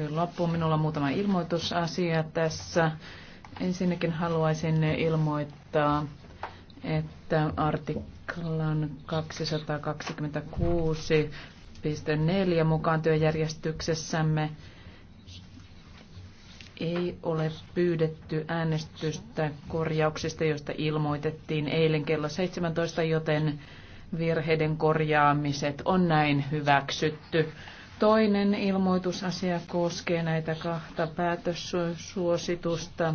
käsittelyn loppuun. Minulla on muutama ilmoitusasia tässä. Ensinnäkin haluaisin ilmoittaa, että artiklan 226.4 mukaan työjärjestyksessämme ei ole pyydetty äänestystä korjauksista, joista ilmoitettiin eilen kello 17, joten virheiden korjaamiset on näin hyväksytty. Toinen ilmoitusasia koskee näitä kahta päätössuositusta.